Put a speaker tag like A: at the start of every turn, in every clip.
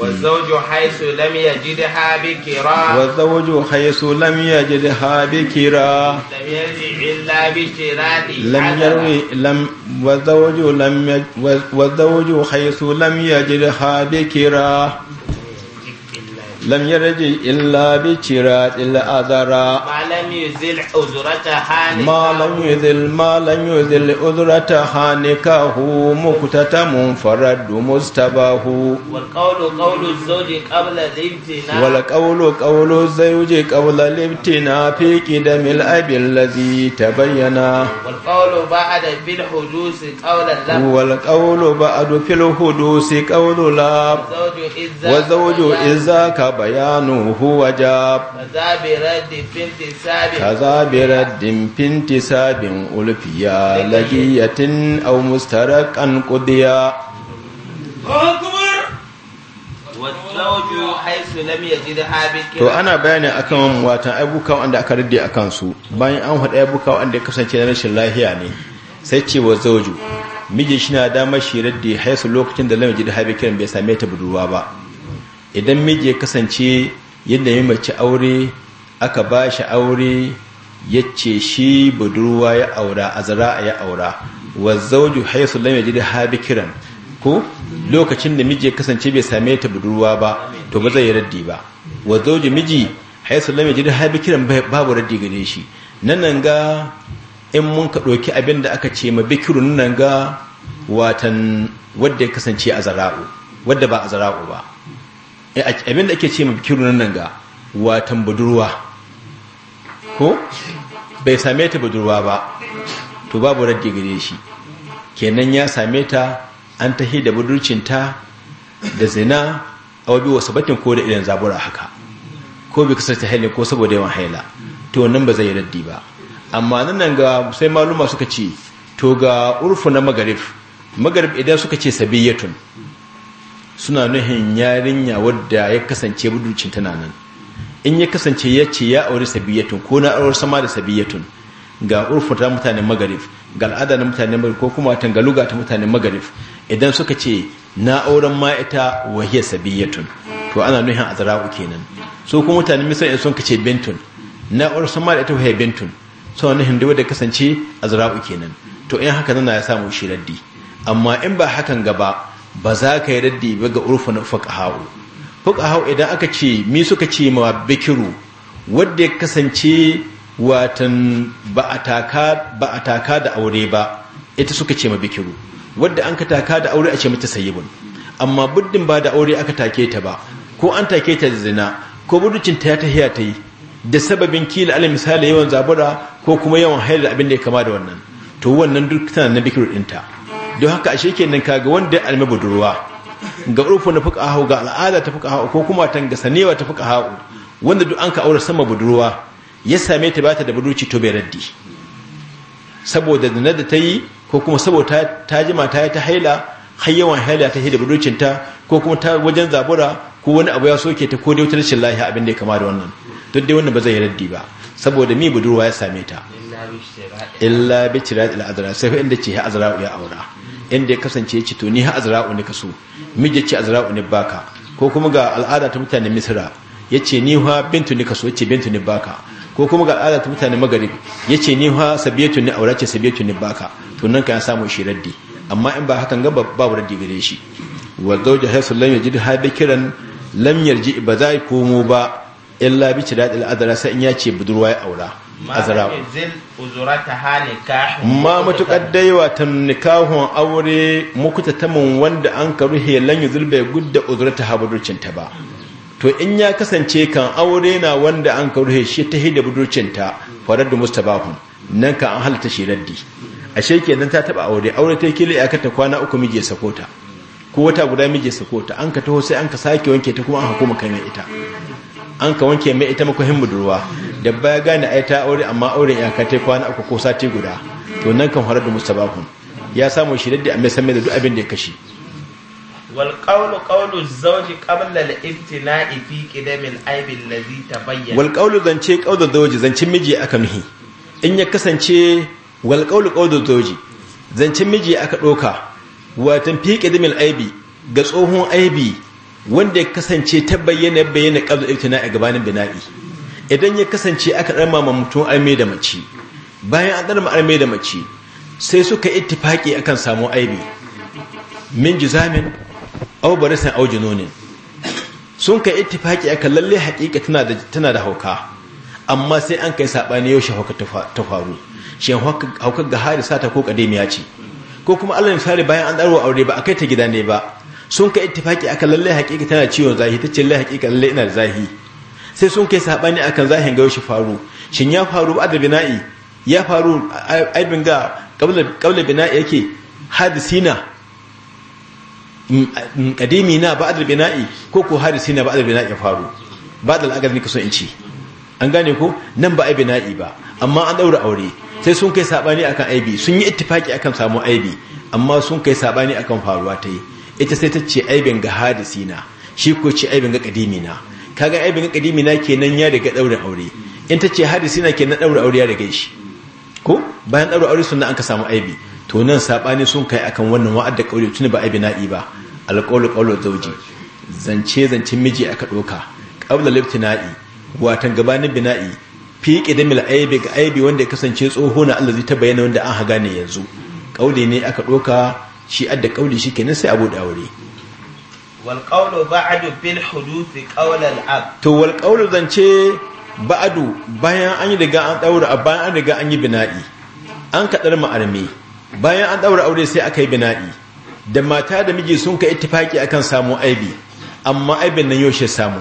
A: والزوج حيث لم يجدها بكرا
B: والزوج حيث لم يجدها بكرا لم
A: يرجع إلا باشتراط لم يروي
B: لم والزوج لم يج والزوج حيث لم يجدها بكرا lam yarji illa bi ciratil azara ma
A: lam yuzil uzrata hanika ma
B: lam yuzil ma lam yuzil uzrata hanika hu muktatamun faradu mustabahu wal
A: qawlu qawlu zawji qabla libtina wal
B: qawlu qawlu zawji qabla libtina fi qidamil abi allazi tabayyana wal
A: qawlu ba'da fil hudusi qawlan la wal
B: qawlu ba'da fil hudusi qawlu la
A: wa zawju idza
B: ka بيانه وجاب
A: كذا برد
B: في انتساب ألفيا لجية أو مسترقا قضيا to ana bayani akan watan abubuwa wanda aka rade a kansu bayan an haɗa abubuwa wanda ya kasance na rashin lahiya ne sai ce wa zauju miji shi na damar shi raddi haisu lokacin da lamar da haɓe kiran bai same ta budurwa ba idan miji ya kasance yadda ya mace aure aka ba shi aure ya ce shi budurwa ya aura a zara'a ya aura wa zauju haisu lam yajid habi kiran ko lokacin da miji ya kasance bai same ta budurwa ba to ba zai raddi ba wa zauju miji haisu lam yajid habi kiran babu raddi gare shi nan nan ga in mun ka ɗauki abin da aka ce ma bikiru nan ga watan wadda ya kasance a zara'u wadda ba a zara'u ba abin da ake ce mafi nan ga watan budurwa ko bai same ta budurwa ba to babu raddi gare shi kenan ya same ta an tahi da budurcinta da zina a wabi wasu batin ko da idan zabura haka ko bai kasar ta haila ko saboda yawan haila to wannan ba zai raddi ba amma nan ga sai maluma suka ce to ga urfu na magarif, magarif idan suka ce sabiyatun suna nuhin yarinya wadda ya kasance budurcin tana nan in ya kasance ya ce ya aure sabiyatun ko na aure sama da sabiyatun ga urfuta mutanen magarif ga al'ada na mutanen magarif ko kuma watan ta mutanen magarif idan suka ce na auren ma ita sabiyatun to ana nuhin azra'u kenan so kuma mutanen misra in sun ce bentun na aure sama da ita wahiyar bentun so wani da wadda kasance azra'u kenan to in haka nana ya samu shiraddi amma in ba hakan gaba ba za ka yi daddi ba ga urfin fuqaha'u fuqaha'u idan aka ce mi suka ce ma bikiru wadda ya kasance watan ba a taka da aure ba ita suka ce ma bikiru wadda an ka taka da aure a ce mata sayyibun amma buddin ba da aure aka take ta ba ko an take ta da zina ko buddicin ta ya tahiya ta yi da sababin kila ala misali yawan zabura ko kuma yawan haila abin da ya kama da wannan to wannan duk tana na bikiru ɗinta don haka ashe kenan kaga wanda ya almi budurwa ga rufu na fuka hau ga al'ada ta fuka hau ko kuma tanga ta fuka hau wanda duk an ka aure sama budurwa ya same ta bata da budurci to bai raddi saboda da nada ta yi ko kuma saboda ta jima ta yi ta haila har yawan haila ta yi da budurcinta ko kuma ta wajen zabura ko wani abu ya soke ta ko dai wutar rashin lahiya abin da ya kama da wannan duk dai wannan ba zai raddi ba saboda mi budurwa ya same ta illa bi tirad al azra sai inda ce ya azra ya aura yanda ya kasance ya ce to ni ha azra'u ne kaso miji ce azra'u ne baka ko kuma ga al'ada ta mutanen misra ya ce ni ha bintu ne kaso ya ce bintu ne baka ko kuma ga al'ada ta mutanen magarib ya ce ni ha sabiyatu ne aura ce sabiyatu ne baka to nan ka ya samu shi raddi amma in ba hakan ga babu raddi gare shi wa zawja hasul lam yajid hada kiran lam yarji ba zai komo ba illa bi tidad azra sai in ya ce budurwa ya aura azra ma matukar daiwa ta nikahun aure ta tamin wanda an karu helan yuzul bai gudda uzurata habudurcinta ba to in ya kasance kan aure na wanda an karu shi ta hida budurcinta farar da mustabahun nan ka an halatta shi raddi ashe kenan ta taba aure aure ta kila ya kata kwana uku mije sakota ko wata guda mije sakota an ka taho sai an ka sake wanke ta kuma an hukuma kan ita an ka wanke mai ita muku budurwa da ya gane ai ta aure amma auren ya kai kwana uku ko sati guda to nan kan horar da mustabahun ya samu shi da amma san mai da duk abin da ya kashi
A: wal qawlu qawlu zawji qabla al ibtina'i fi qidam al aib alladhi tabayyana wal
B: qawlu zance qawlu zawji zancin miji aka mihi in ya kasance wal qawlu qawlu zawji zancin miji aka doka watan fi qidam al aib ga tsohon aibi wanda ya kasance tabayyana bayyana qawlu ibtina'i gabanin bina'i idan ya kasance aka ɗarma mutum arme da mace bayan an ɗarma arme da mace sai suka ittifaƙi akan samu aibi min jizamin au barisan au jinonin sun ka ittifaƙi aka lalle haƙiƙa tana da hauka amma sai an kai saɓani yau hauka ta faru shi hauka ga sa ta ko ƙademiya ce ko kuma allah misali bayan an ɗarwa aure ba a kai ta gida ne ba sun ka ittifaƙi aka lalle haƙiƙa tana ciwon zahi ta ce lalle haƙiƙa lalle ina da zahi sai sun kai sabani akan zahin ga shi faru shin ya faru da bina'i ya faru aibin ga kabla bina'i yake hadisina kadimi na da bina'i ko ko hadisina da bina'i ya faru da al'agar ne kaso in ci an gane ko nan ba aibi bina'i ba amma an daura aure sai sun kai sabani akan aibi sun yi ittifaki akan samu aibi amma sun kai sabani akan faruwa ta yi ita sai ta ce aibin ga hadisina shi ko ce aibin ga kadimi na kaga ai bin kadimi na kenan ya daga daurin aure in ta ce hadisi na kenan daura aure ya daga shi ko bayan daura aure sunna an ka samu aibi to nan sabani sun kai akan wannan wa'ad da kauli tuni ba aibi na'i ba alqawlu qawlu zawji zance zancin miji aka doka qabla libtina'i watan gabanin bina'i fi qidamil aibi ga aibi wanda ya kasance tsoho na Allah ta bayyana wanda an haga ne yanzu Ƙaule ne aka doka shi adda kaule shi kenan sai abu da aure
A: wal ba'adu ba'du bil huduth qawl ab
B: to wal zance ba'adu bayan an yi daga an daura a bayan an daga an yi bina'i an kaɗar ma'armi bayan an daura aure sai aka yi bina'i da mata da miji sun ka ittifaki akan samu aibi amma aibin nan yaushe samu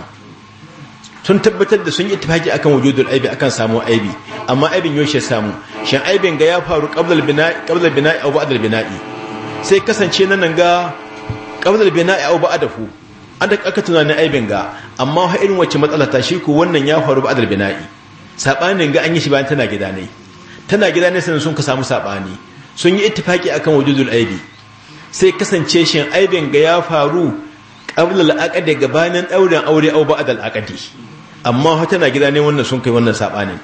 B: sun tabbatar da sun yi ittifaki akan wujudul aibi akan samu aibi amma aibin yaushe samu shin aibin ga ya faru qablal bina'i qablal bina'i aw ba'dal bina'i sai kasance nan ga qabla binai aw ba'dahu anda aka tunanin aibin ga amma ha irin wacce matsala ta shi ko wannan ya faru ba'da binai sabanin ga an yi shi bayan tana gida ne tana gida ne sanin sun ka samu sabani sun yi ittifaki akan wujudul aibi sai kasance shi aibin ga ya faru qabla al-aqdi gabanin dauren aure aw ba'da aqdi amma ha tana gida ne wannan sun kai wannan sabanin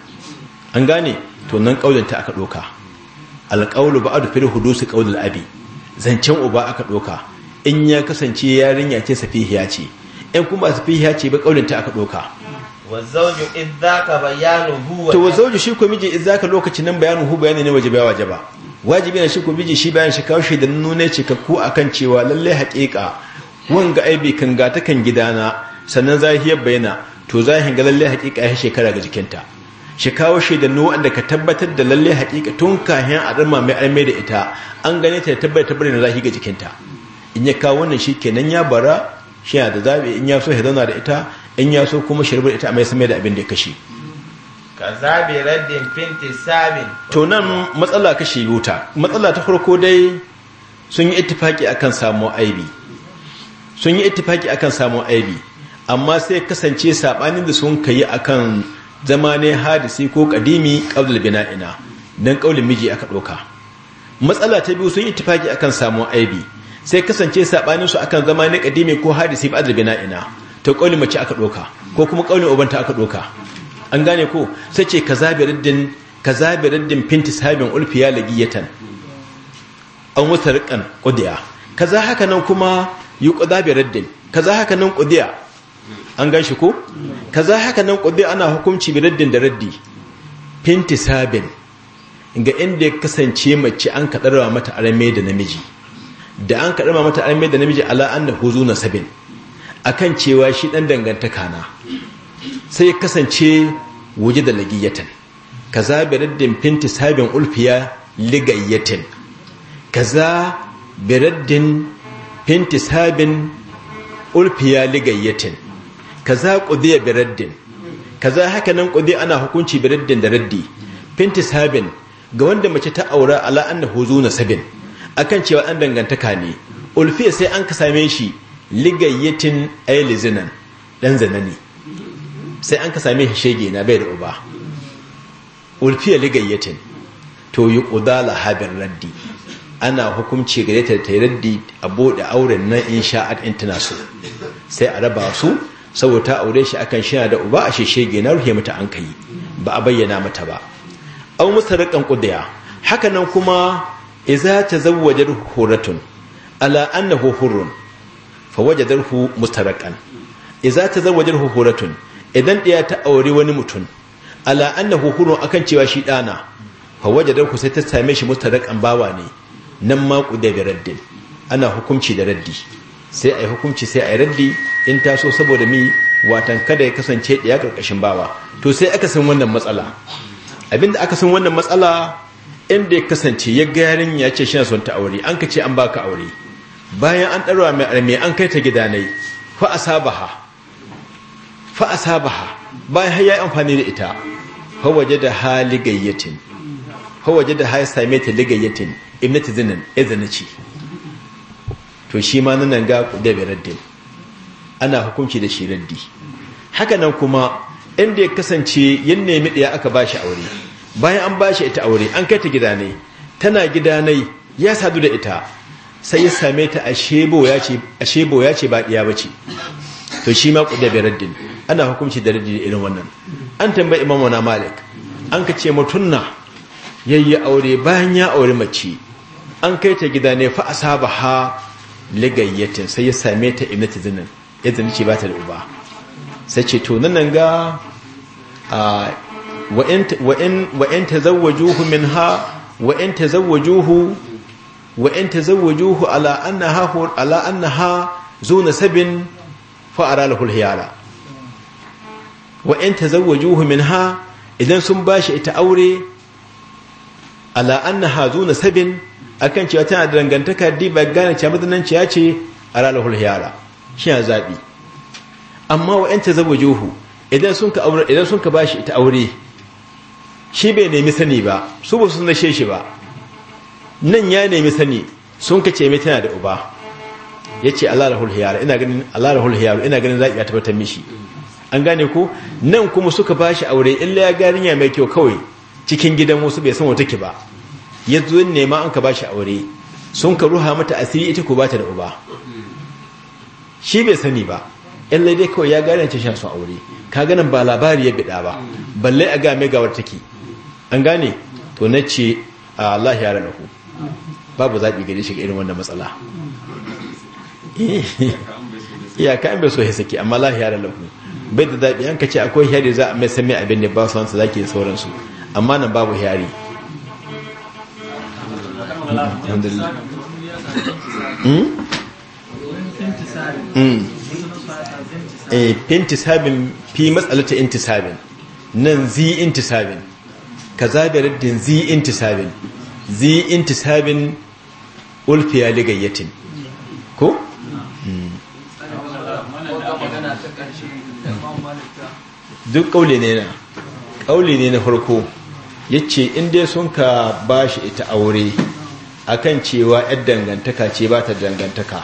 B: an gane to nan kaulin ta aka doka al-qawlu ba'du fil hudusi qawlul abi zancen uba aka doka in ya kasance yarinya ce safihiya ce in kuma safihiya ce ba kaulin ta aka doka
A: wazauju idzaka bayanuhu to wazauju
B: shi ko miji idzaka lokacin nan bayanuhu bayani ne wajibi wajaba wajibi ne shi ko miji shi bayan shi kawo shi da nune ce kakku akan cewa lalle haƙiƙa wanga aibi kan gata kan kan gidana sannan zahiyar yana, to zahin ga lalle haƙiƙa ya shekara ga jikinta shi kawo shi da wanda ka tabbatar da lalle haƙiƙa tun kahin a dama mai almai da ita an gane ta tabbatar da zahi ga jikinta in ya kawo wannan shi kenan ya bara shi yana da zaɓi in ya so ya zauna da ita in ya so kuma shirbar ita a mai samai da abin da ya kashe
A: ka zaɓi raddin finti sabin
B: to nan matsala kashe wuta matsala ta farko dai sun yi ittifaki akan samu aibi sun yi ittifaki akan samu aibi amma sai kasance saɓanin da sun kayi akan zama ne hadisi ko kadimi qaulul bina'ina dan ƙaunin miji aka ɗoka. matsala ta biyu sun yi ittifaki akan samu aibi sai kasance sabaninsu akan zama na kadimi ko hadisi ba da bina'ina to kauli mace aka doka ko kuma kauli ubanta aka doka an gane ko sai ce kazabiraddin kazabiraddin pinti sabin ulfiya lagiyatan an wata rikan qudiya kaza haka nan kuma yi qazabiraddin kaza haka nan qudiya an ganshi ko kaza haka nan qudiya ana hukunci biraddin da raddi pinti sabin ga inda ya kasance mace an kadarwa mata arame da namiji da an kaɗa mata an mai da namiji ala an da huzu na sabin akan cewa shi ɗan dangantaka na sai ya kasance waje da lagiyatan ka za bi raddin finti sabin ulfiya ligayyatin ka za bi finti sabin ulfiya ligayyatin ka za ƙudiya bi raddin ka za haka nan ƙudiya ana hukunci bi raddin da raddi finti sabin ga wanda mace ta aura ala an da huzu na sabin akan cewa ɗan dangantaka ne ulfiya sai an ka same shi ligayyatin ayyalizinan ɗan zanani sai an ka same shi shege na bai da uba ulfiya ligayyatin to yi ƙudala habin raddi ana hukumci ga gare ta yi raddi a buɗe auren nan in sha'ad in tana su. sai a raba su saboda ta aure shi akan shi da uba a shege na ruhe mata an kai ba a bayyana mata ba an musa ƙudaya. Haka hakanan kuma iza tazawwajar huratun ala hu mustarakan iza huratun idan ɗaya ta aure wani mutum ala annahu huhurun akan cewa shi ɗana dana hu sai ta same shi mustarakan bawa ne nan ma kudai da raddin ana hukunci da raddi sai a yi hukunci sai a yi raddi in taso saboda mi watan kada ya kasance ɗaya ƙarƙashin bawa to sai aka san wannan matsala abinda aka san wannan matsala inda ya kasance ya ga yarinya ya ce shina son ta aure an ka ce an baka aure bayan an ɗarwa mai arme an kai ta gida na fa asabaha fa asabaha bayan har yayi amfani da ita fa wajada haligayyatin fa wajada hay same ta ligayyatin ibnati zinan izanaci to shi ma nan ga da biraddin ana hukunci da shi raddi haka nan kuma inda ya kasance yin nemi ɗaya aka ba shi aure bayan an bashi ita aure an kai ta gida ne tana gida ya sadu da ita sai ya same ta a shebo ya ce ba ɗiya ba ce to shi ma ƙuda bai raddin ana hukunci da raddin irin wannan an tambayi imam wana malik an ka ce mutunna na aure bayan ya aure mace an kai ta gida ne fa asaba ha ligayyatin sai ya same ta ta zinin ya zanice ba ta da uba sai ce to nan ga wa in tazawwajuhu minha wa in tazawwajuhu wa in tazawwajuhu ala annaha ala annaha zuna sabin fa ara lahu alhiyala wa in tazawwajuhu minha idan sun bashi ita aure ala sabin akan cewa tana da dangantaka diba gane cewa madananci ya ce ara lahu alhiyala shi ya zabi amma wa in tazawwajuhu idan sun ka aure idan sun ka bashi ita aure shi bai nemi sani ba su ba sun nashe shi ba nan ya nemi sani sun kace mai tana da uba ya ce alarahul ina ganin za a iya tabbatar mishi an gane ku nan kuma suka ba shi aure illa ya gani ya mai kyau kawai cikin gidan wasu bai san wata ki ba ya zuwa nema an ka ba shi aure sun ka ruha mata asiri ita ko ba ta da uba shi bai sani ba illa dai kawai ya gane ta shan su aure ka ganin ba labari ya bida ba balle a ga mai gawar take an gane to na ce Allah ya rana ku babu zaɓi gari shiga irin wanda matsala iya eh, ka bai so ya saki amma Allah ya rana ku bai da zaɓi an ka ce akwai hiyari za a mai sami abin da ba su wansu zaki sauransu amma nan babu hiyari intisabin hmm? hmm. eh, fi matsalata intisabin nan zi intisabin kaza da raddin zi intisabin zi intisabin ulfiya ligayyatin ko duk kauli ne na kauli ne na farko yace in dai sun ka bashi ita aure akan cewa yar dangantaka ce ba ta dangantaka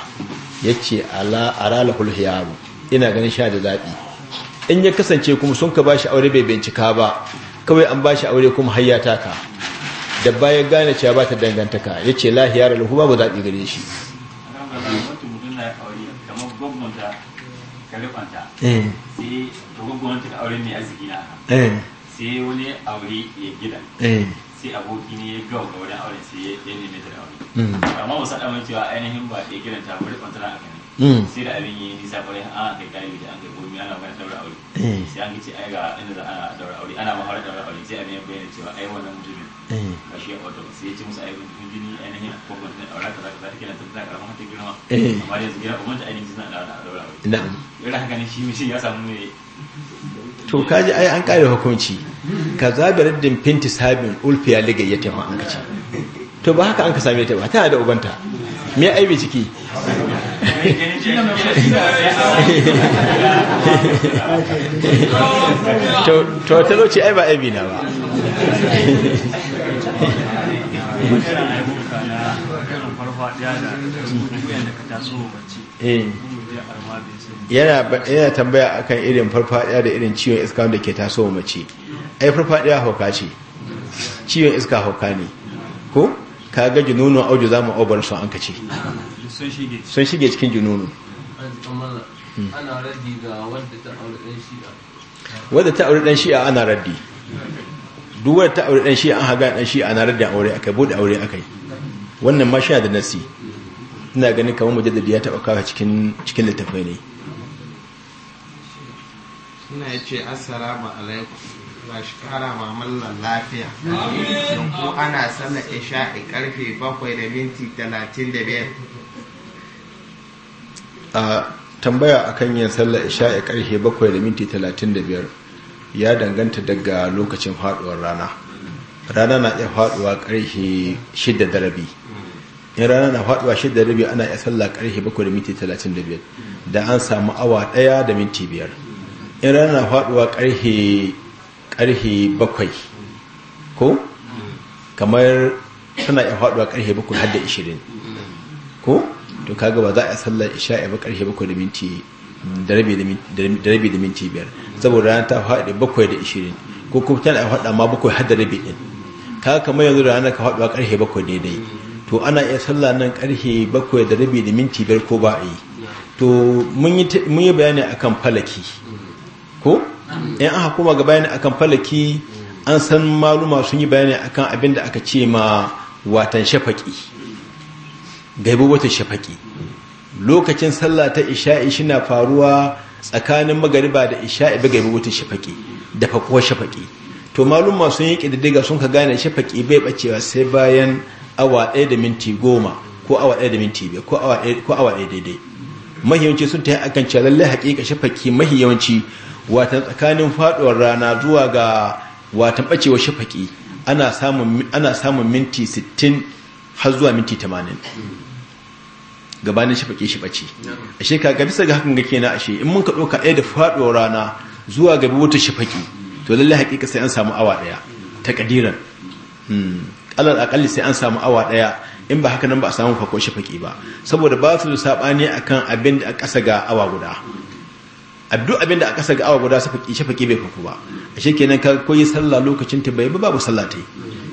B: yace ala aralahul hiyaru ina ganin sha da zaɓi. in ya kasance kuma sun ka bashi aure bai bincika ba kawai an bashi aure kuma hayya ka da baya gane cewa ba ta dangantaka yace lahi lahiyar alhuma ba zaɓi gare shi sai wani aure ya gida sai aboki ne ya gawa ga wani aure sai ya nemi ta da aure amma wasu damar cewa ainihin ba ya gidan ta wani kwantara a kan Mm. sai da abin yi nisa kwarai an kai galibi da an kai ana daura aure eh. sai an ai ga inda daura aure ana mahawar daura aure sai abin ya bayyana cewa ai wannan mutumin eh. ba shi ya sai ya musu ai jini ainihin da daura hata girma eh. amma ta ainihin suna daura haka ne shi ya samu to kaji ai an kare hukunci kaza da raddin finti sabin ulfiya ligayyata ma an kace to ba haka an ka same ta ba tana da ubanta me aibi ciki to ta ai ba na eh. ba yana tambaya akan irin farfadiya da irin ciwon iska wanda ke tasowa mace ai farfadiya hauka ce ciwon iska hauka ne ko ka ga a auju za mu aubar su an kace sun shige cikin jinunu. wadda ta aure dan shi'a ana raddi duk wadda ta aure dan shi'a an haga dan shi'a ana raddi aure akai bude aure akai wannan ma shi'a da nasi ina ganin kamar mujaddadi ya taba kawo cikin cikin littafai ne
A: ina ce assalamu alaikum kara lafiya
B: a tambaya akan yin sallar karfe bakwai da minti talatin ya danganta daga lokacin faduwar rana rana na iya faduwa karfe shida da in rana na faduwa shida da rabi ana iya sallar karfe bakwai da minti talatin da an samu awa daya da minti biyar in rana na faduwa karfe karhe bakwai ko kamar suna iya faduwa karhe bakwai har da ishirin ko to kaga ba za a sallar isha'i ba karhe bakwai da minti da rabi da minti biyar saboda rana ta faɗi bakwai da ishirin ko kuma tana iya faɗa ma bakwai har da rabi ɗin ka kama yanzu da rana ka faɗuwa karhe bakwai daidai to ana iya sallah nan karhe bakwai da rabi da minti biyar ko ba a yi to mun yi bayani akan falaki ko in aka koma ga bayani akan falaki an san maluma sun yi bayani akan abin da aka ce ma watan shafaki gaibu watan shafaki lokacin sallah ta isha'i shina faruwa tsakanin magariba da isha'i ba gaibu watan shafaki da fakuwar shafaki to maluma sun yi kididdiga sun ka gane shafaki bai bacewa sai bayan awa ɗaya da minti goma ko awa ɗaya da minti biyar ko awa ɗaya daidai mahiyawanci sun ta yi akan cewa lallai haƙiƙa shafaki mahiyawanci watan tsakanin faduwar rana zuwa ga watan bacewa shafaki ana samun minti 60 har zuwa minti 80 gabanin shafaki shi bace ashe kaga bisa ga hakan ga na ashe in mun ka ɗaya da faduwar rana zuwa ga wata shafaki to lalle hakika sai an samu awa ɗaya ta ƙadiran hmm. alal akalli sai an samu awa ɗaya in ba haka nan ba a samu fakon shafaki ba saboda ba su saɓani akan abin da a ƙasa ga awa guda a duk abin da a ƙasa ga awa guda shafaƙi bai faku ba a kenan ka koyi sallah lokacin ta bai babu sallah ta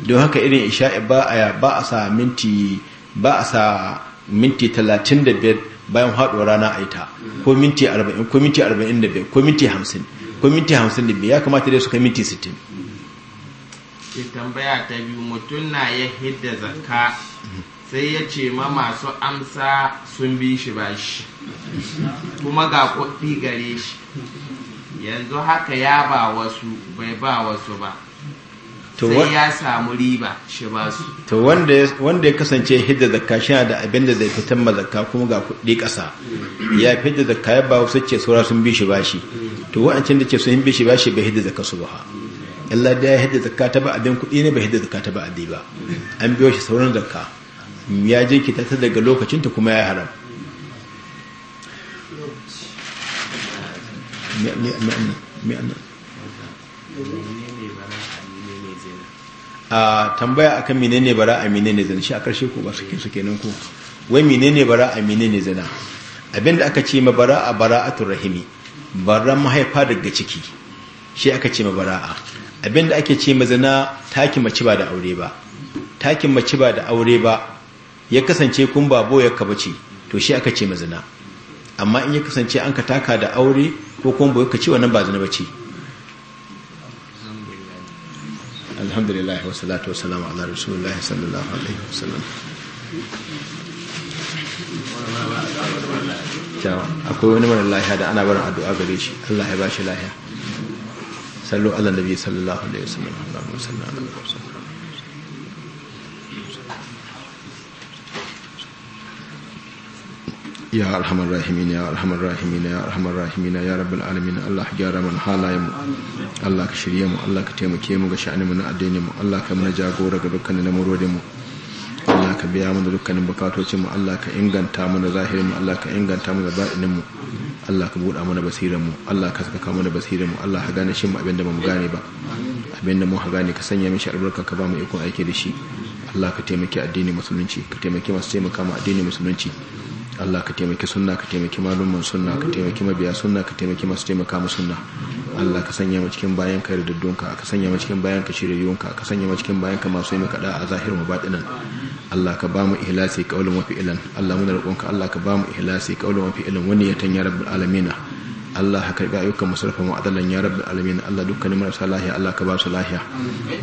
B: don haka irin isha ba a ba a sa minti ba a sa minti talatin da biyar bayan haɗuwar rana a ita ko minti arba'in ko minti arba'in da biyar ko minti hamsin ko minti hamsin da biyar ya kamata dai su kai minti sittin.
A: tambaya ta biyu mutum na ya hidda zakka sai ya ce ma masu amsa sun bi shi ba shi kuma ga kuɗi gare shi yanzu haka ya ba wasu bai ba wasu ba sai ya samu riba shi ba su
B: to wanda ya kasance hidda zakka shi da abin da zai fitan mazakka kuma ga kuɗi ƙasa ya fi hidda zakka ya ba wasu ce saura sun bi shi ba shi to wa'ancin da ce sun bi shi ba shi bai hidda zakka su ba Allah da ya hidda zakka ta ba abin kuɗi ne bai hidda zakka ta ba abi ba an biyo shi sauran zakka ya je kita ta daga lokacinta kuma ya haram a ah, tambaya akan menene bara a menene zina shi a karshe ko ba suke suke nan ko wai menene bara a menene zina abinda aka ce ma bara a bara'atul rahimi bara mahaifa daga ciki shi aka ce ma bara'a abinda ake ce ma zina taki mace ba da aure ba takin mace ba da aure ba ya kasance kun babo ya ka bace to shi aka ce mazina amma in ya kasance an ka taka da aure ko kun boyar ka ce wannan ba zina bace alhamdulillah wa salatu wa salamu ala rasulillah sallallahu alaihi wa sallam akwai wani mara lahiya da ana barin addu'a gare shi Allah ya bashi lahiya sallu ala nabi sallallahu alaihi wasallam Allahumma salli ala nabi ya arhamar rahimin ya arhamar rahimin ya arhamar rahimin ya rabbal alamin Allah ka gyara mana halayen mu Allah ka shirye mu Allah ka taimake mu ga sha'anin mu na addinin mu Allah ka mana jagora ga dukkanin lamurodin mu Allah ka biya mana dukkanin bukatocin mu Allah ka inganta mana zahirin mu Allah ka inganta mana batinin mu Allah ka buɗa mana basiran mu Allah ka saka mana basiran mu Allah ka gane shin mu abinda ba mu gane ba abinda mu ka ka sanya mishi albarka ka ba mu ikon aiki da shi Allah ka taimake addinin musulunci ka taimaki masu taimaka ma addinin musulunci Allah ka taimaki sunna ka taimaki malumin sunna ka taimaki mabiya sunna ka taimaki masu taimaka mu sunna Allah ka sanya mu cikin bayan ka da duddunka ka sanya mu cikin bayan ka shiriyunka ka sanya mu cikin bayan ka masu yin kada a zahir mu batinan Allah ka ba mu ihlasi qaulan wa fi'lan Allah muna roƙonka Allah ka ba mu ihlasi qaulan wa fi'lan wani ya tanya rabbul alamin Allah ka ga ayyukan musarrafa mu adalan ya rabbi alamin Allah dukkanin marasa lahiya Allah ka ba su lahiya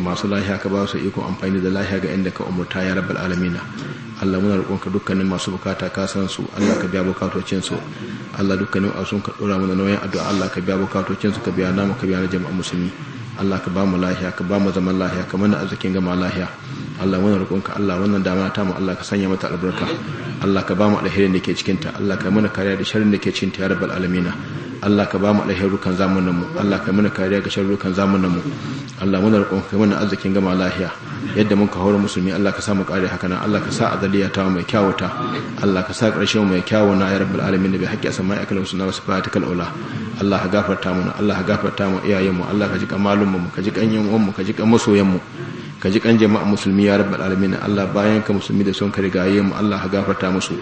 B: masu lahiya ka ba su iko amfani da lahiya ga inda ka umurta ya rabbi alamin Allah muna roƙonka dukkanin masu bukata ka san su Allah ka biya bukatocin su Allah dukkanin asun ka dora mana nauyin addu'a Allah ka biya bukatocin su ka biya namu ka biya na jama'a musulmi Allah ka ba mu lahiya ka ba mu zaman lahiya ka mana arzikin gama lahiya Allah muna roƙonka Allah wannan dama ta mu Allah ka sanya mata albarka Allah ka ba mu alherin da ke cikin ta Allah ka mana kariya da sharrin da ke cikin ta ya rabbi alamin Allah ka ba mu alherin rukan zamanin mu Allah ka mana kariya ga sharrukan zamanin mu Allah muna roƙon ka muna arzikin gama lafiya yadda mun ka hore musulmi Allah ka sa mu kare haka nan Allah ka sa azaliya ta mai kyawata Allah ka sa ƙarshe mu mai kyawu na ya rabbul alamin bi haqqi asma'i akal sunna wa sifatikal ula Allah ka gafarta mana Allah ka gafarta mu iyayen mu Allah ka ji kamalun mu ka ji kanyen mu ka ji kan masoyan mu ka ji kan jama'a musulmi ya rabbal alamin Allah bayan ka musulmi da son ka rigaye mu Allah ka gafarta musu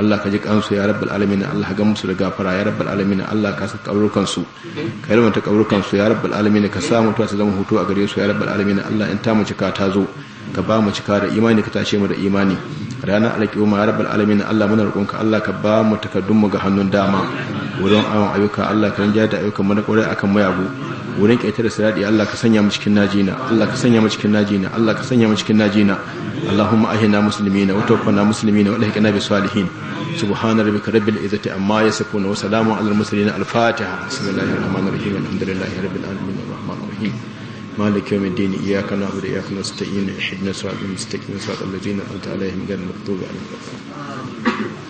B: Allah ka ji kan su ya rabbal alamin Allah ka ga musu da gafara ya rabbal alamin Allah ka saka kabrukan su ka yi ta kabrukan su ya rabbal alamin ka sa mutuwa su zama hutu a gare su ya rabbal alamin Allah in ta mu cika ta zo ka ba mu cika da imani ka tashe mu da imani ranar alƙiyoma ya rabbal alamin Allah muna roƙonka Allah ka ba mu takaddun mu ga hannun dama wurin awon ayyuka Allah ka rinja da ayyukan mana kwarai akan mayagu wurin kaitar sirati Allah ka sanya mu cikin najina Allah ka sanya mu cikin najina Allah ka sanya mu cikin najina Allahumma ahina muslimina wa tawaffana muslimina wa alhiqna bi salihin subhana rabbika rabbil izzati amma yasifun wa salamun alal mursalin al fatiha bismillahir rahmanir rahim alhamdulillahi rabbil alamin arrahmanir rahim مالك يوم الدين اياك نعبد واياك نستعين اهدنا الصراط المستقيم صراط الذين انعمت عليهم غير المغضوب عليهم